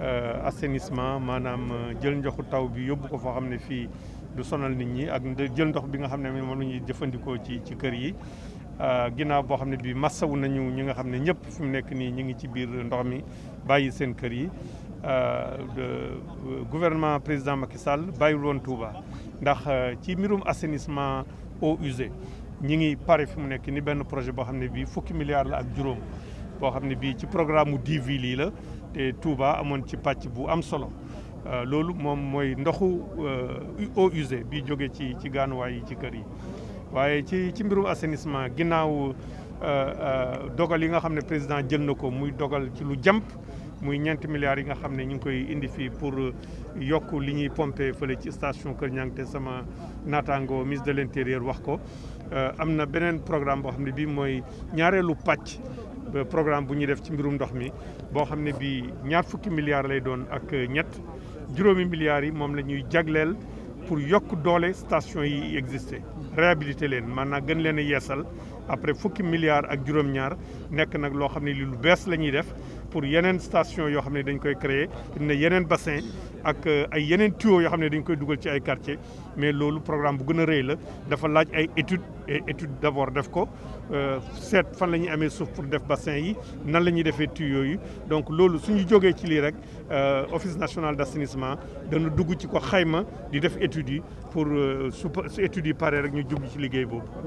Euh, assainissement maanaam euh, jël ndoxu taw bi yóbbu ko foo xam ne fii du sonal nit ñi ak jël ndox bi nga xam ne moom la ñuy jëfandikoo ci ci kër yi euh, ginnaaw boo xam ne bii massawu nañu ñi nga xam ne ñëpp fi mu nekk nii ñu ngi ci biir ndox mi bàyyi seen kër yi gouvernement président Macky Sall bàyyiwul woon Touba ndax ci mbirum assainissement eaux usées ñi ngi pare fi mu nekk ni benn projet boo xam ne bii fukki milliards la ak juróom boo xam ne bii ci programme mu 10 villes la te Touba amoon ci pàcc bu am solo euh, loolu moom mooy ndoxu euh, eau usée bi jóge ci ci gaanuwaay yi ci kër yi waaye ci ci mbirum assainissement ginnaaw euh, dogal yi nga xam ne président jël na ko muy dogal ci lu jàmp muy ñeenti milliards yi nga xam ne ñu ngi koy indi fii pour yokk li ñuy pompé fële ci station Kër Ñang te sama naataango ministre de l'intérieur wax ko am na beneen programme boo xam ne bii mooy ñaareelu pàcc Euh, programme bu ñuy def ci mbirum ndox mi boo xam ne bii ñaar fukki milliards lay doon ak euh, ñett juróomi milliards yi moom la ñuy jagleel pour yokk doole station yi existe réhabilité leen maanaam gën leen a yeesal après fukki milliards ak juróom-ñaar nekk nag loo xam ne li lu bees la ñuy def pour yeneen station yoo xam ne dañ koy créer ne yeneen bassin ak euh, ay yeneen tuyaux yoo xam ne dañ koy dugal ci ay quartier mais loolu programme bu gën a rëy la dafa laaj ay étude et étude d'abord def ko euh, seet fan la ñuy amee suuf pour def bassin yi nan la ñuy defee tuyaux yi donc loolu suñu jógee ci lii rek euh, office national d'assainissement dana dugg ci ko xayma di def études yi pour su études yi pare rek ñu jublu ci liggéey boobu